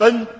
奔